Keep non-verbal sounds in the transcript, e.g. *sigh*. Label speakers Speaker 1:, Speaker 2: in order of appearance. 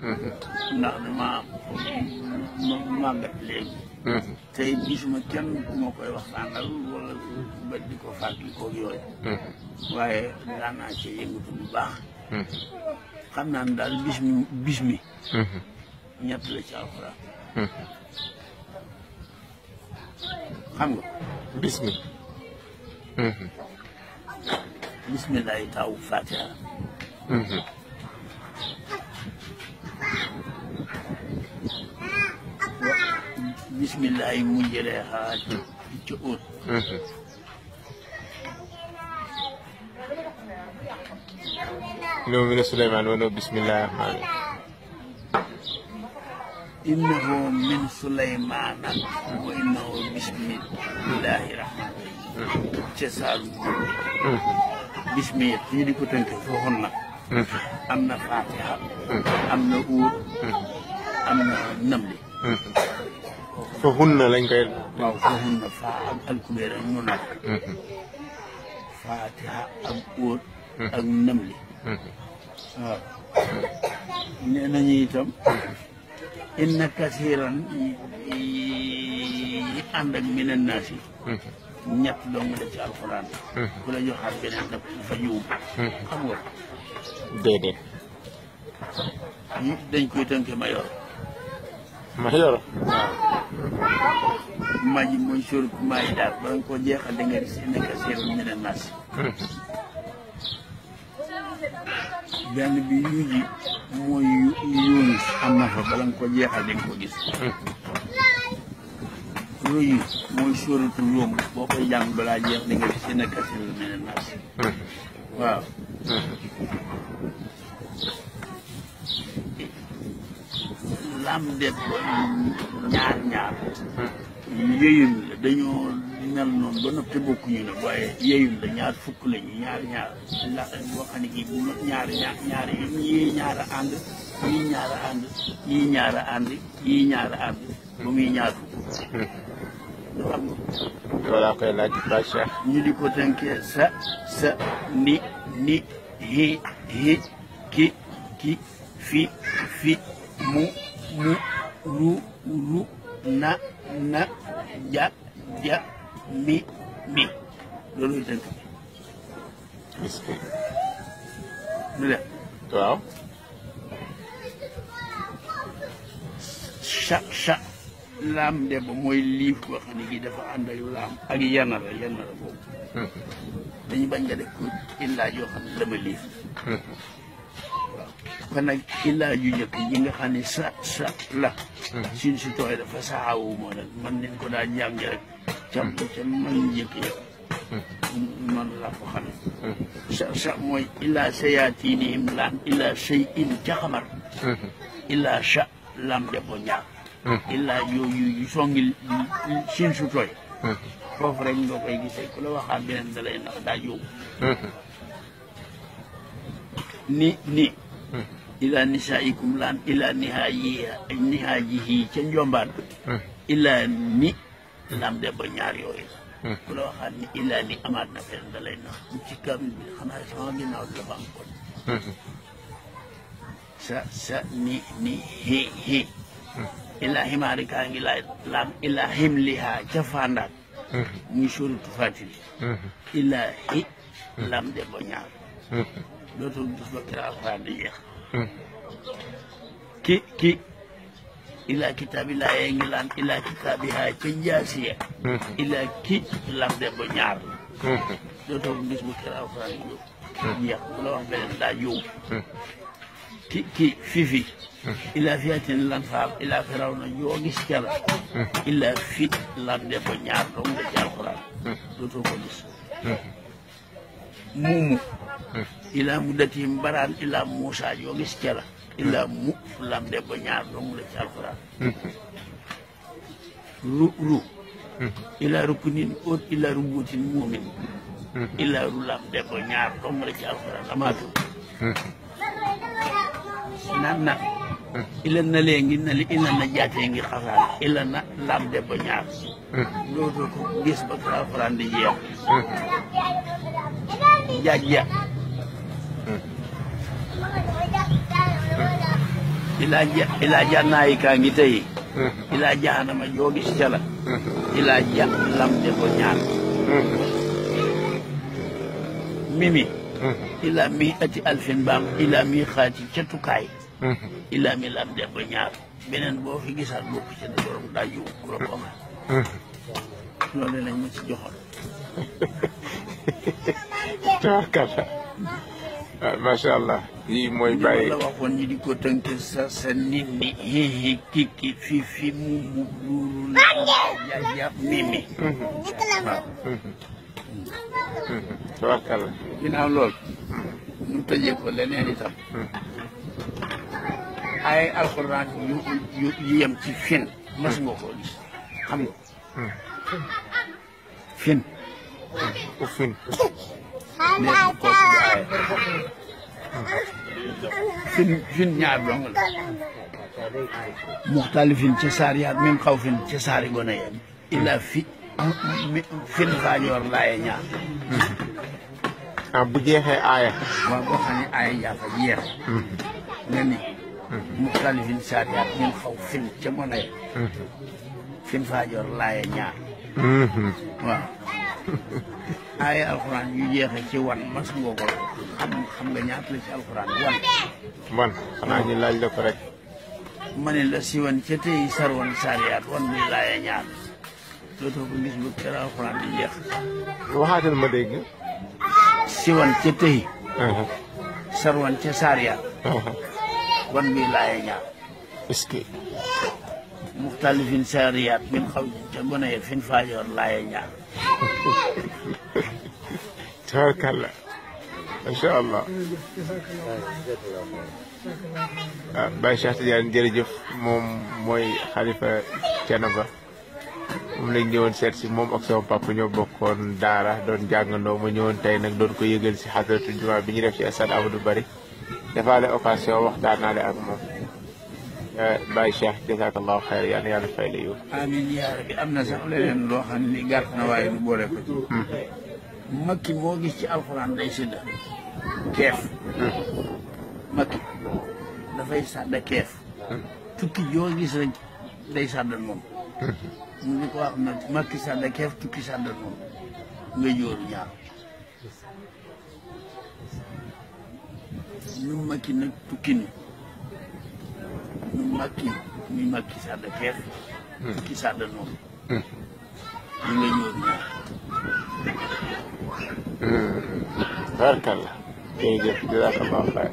Speaker 1: ndax damaa ma gàtt léegi. Hmm. tey gisuma kenn ku ma koy waxtaanal wala ba di ko fàttali koog yooyu. Hmm. waaye daan naa cee yëngatu bu baax. Hmm. xam naa ne daal bis mi bis mi. ñett la ci alxuraan. xam nga. bismillah yi mu jëlee xaa ci ci ut noonu mi ne Suleymaan wano bismillah rahmaani innahu min Suleymaana wa innahu bismillahi rahmaani ca saalu bismi ñu di ko tënk foofu nag am na faatiha am na uur am na namli fa hunna lañ koy. waaw fa hunna faa ak alkubé rek mu nag. faatiha ak óot. ak namli. waaw. nee nañu itam. inna kasiran yi ànd ak minan naas yi. ñett dong la ci alxuraan. ku la joxaat beneen nag fa juum. xam nga. déedéet. dañ koy tënk mayor. mayor maji mooy sóorut Maïda ba nga ko jeexal da nga gis nekk seeru ñu ne bi yu mooy Yunus am na fa bala nga ko jeexal da ko gis. royu mooy sóorutu Rum boo koy jàng balaa jeex da nga gis nekk seeru ñu waaw. la am déet ñaar ñaar. yeyun dañoo mel noonu ba noppi bokkuñu nag waaye yeyun la ñaar fukk lañu ñaar ñaar ndax ñaar ñaar ñaar ñaar a ànd yii ñaar a ànd ñaar a ànd ba muy ñaar fukk. xam nga. voilà koy laaj ba Cheikh. ñu di ko tënkee sa sa ni ni hi hi ki ki fi fi mu. lu ru ru na na ja ja mi mi loolu tënk bi. est-ce que. lu dem. waaw. cha cha laam dem mooy liif wax ni gi dafa ànd ak laam boobu. Hmm. dañu bañ nga def ko illaa yoo xam dama liif. *laughs* kon nag illaa ju njëkk ji nga xam ne sa sa la suñ si tooy dafa saxaawu moo nag man nañ ko daan jàng rek cam cam man njëkk ya man la ko xam sa sa mooy illaa sayaatiini im laam illaa say in ca xamar mhm. illaa sa lam debo ñaar mhm. illaa yooyu yu songi suñ su tooy foofu mhm. rek nga koy gisee ku la waxaa beneen da lay ni ni ila nisaikum laan ila nihaajiha nihaajihi ca njombaan hmm. ila ni laam de ba ñaar yooyu la hmm. la waxaat ni ila ni amaat na fenn da lay ci kamil bi xanaa sama hmm. sa ni ni hi hi laam ila himlihaa ca fandaat ñu sóoritu fatili ila hi laam de ba ñaar dootul ba kira alxuraan di jeex Mm. ki ki ila kitaabillah ye ngi laan ila kitaabiha ca jaasiya mm-hmm. ila ki lam de ñaar mm-hmm. mm-hmm. la doo toog gis mu kër alxuraan jóg jeex bu la wax beneen daa jóg ki ki fifi ila fiyatin lan faam ila firaw na yoo gis ca fi lam de ñaar dong la ci alxuraan doo toog ko gis muumu ilaa mu baraan ilaa muusa yoo gis cera ilaa mu lam de ñaar doomu la ci alxuraan ru ru ilaa rukunin oot ilaa rubutin muumin ilaa ru lam de ñaar doomu la ci alxuraan amaatul nan na ila na lee ngi na li ila na na lam de ñaar loolu ko gis ba alxuraan di jeex อย่าเหยียบ ilaa hmm. jannayi kaa ngi tey hmm. ilaa jaanama joo gis ca la hmm. ilaa ja lam de ko mimi ilaa mi ati alfin baam ilaa mi xaati ca tukaay ilaa mi lam de ñaar beneen boo fi gisaat bokk ca da borom daa jiw ku la ko ma loolu lañ *laughs* tabarkalla ah, macha allah yii mooy bàyyi la waxoon ñi di ko tënk sa sa nit ni hihi kiki fifi mumu buuru la yaya mimi mm-hmm. waaw mm-hmm. tabarkalla lool mm-hmm. ñu tëjee ko leneen ay alxuraan yu yu ci fin mas koo gis xam nga fin fin neex ko waaye fin fin ñaar dong la muxtalifin ca saar min xaw fin ca saari gone ila fin faañoor laaye ñaar bu jeexee aaya waaw boo xam aaya jaafa jeex nga ni muxtalifin saar min xaw fin ca gone fin faañoor laaye ñaar waaw ay alxuraan yu jeexee ci wan mas nga ko xam xam nga ñaata la ci alxuraan wan. wan xanaa ñu laaj la ko rek. ma ne la si wan ca tey sar wan saariyaat wan laaya ñaar dootoo ko gis ba kër alxuraan di jeex. waxaatal ma dégg. si wan ca tey. Uh-huh. sar wan uh-huh. wan muy laaya ñaar. est muxtalifin saariyaat min xaw te gone ye fin faajoor laaye ñaar tabarkalla macha allah ah Baye Cheikh jërëjëf moom mooy xalifa Thiénaba moom lañ ñëwoon seet si moom ak sama papa ñoo bokkoon daara doon jàngandoo ma ñëwoon tey nag doon ko yëgal si xadratu jumaa bi ñu def ci stade Amadou Barry defaale occasion waxtaanaale ak moom Baye Cheikh jazakallahu xeer yal na fay la yow. yaa rabbi am na sax leneen loo xam ne gàtt na waaye du boole ko ci. Hmm. makki boo gis ci alxuraan day sëdd keef. Hmm. makki dafay sàdd keef. Hmm. tukki joo gis rek day sàddal moom. mu ngi wax nag makki sàdd keef tukki sàddal moom nga jóoru ñaar. makki nag tukki ni Macky muy Macky Sall teex hmm. Macky Sall noonu hmm. ñu nga ñëw ñaar hmm. barkalla jërëjëf jërëjëf baax